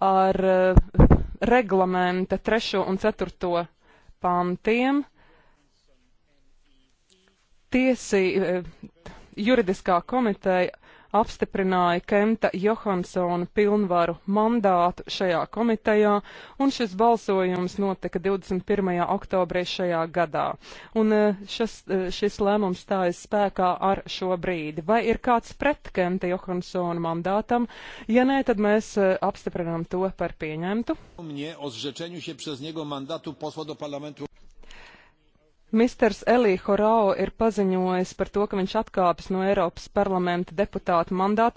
ar eh, reglamenta 3. un 4. pantiem tiesī, eh, juridiskā komiteja apstiprināja Kenta Johansona pilnvaru mandātu šajā komitejā, un šis balsojums notika 21. oktobrī šajā gadā. Un eh, šis, eh, šis lēmums stājas spēkā ar šo brīdi. Vai ir kāds pret Kenta Johansona mandātam? Ja nē, tad mēs eh, apstiprinām to par pieņemtu. Mnie, Misters Elī Horao ir paziņojis par to, ka viņš atkāpjas no Eiropas parlamenta deputāta mandāta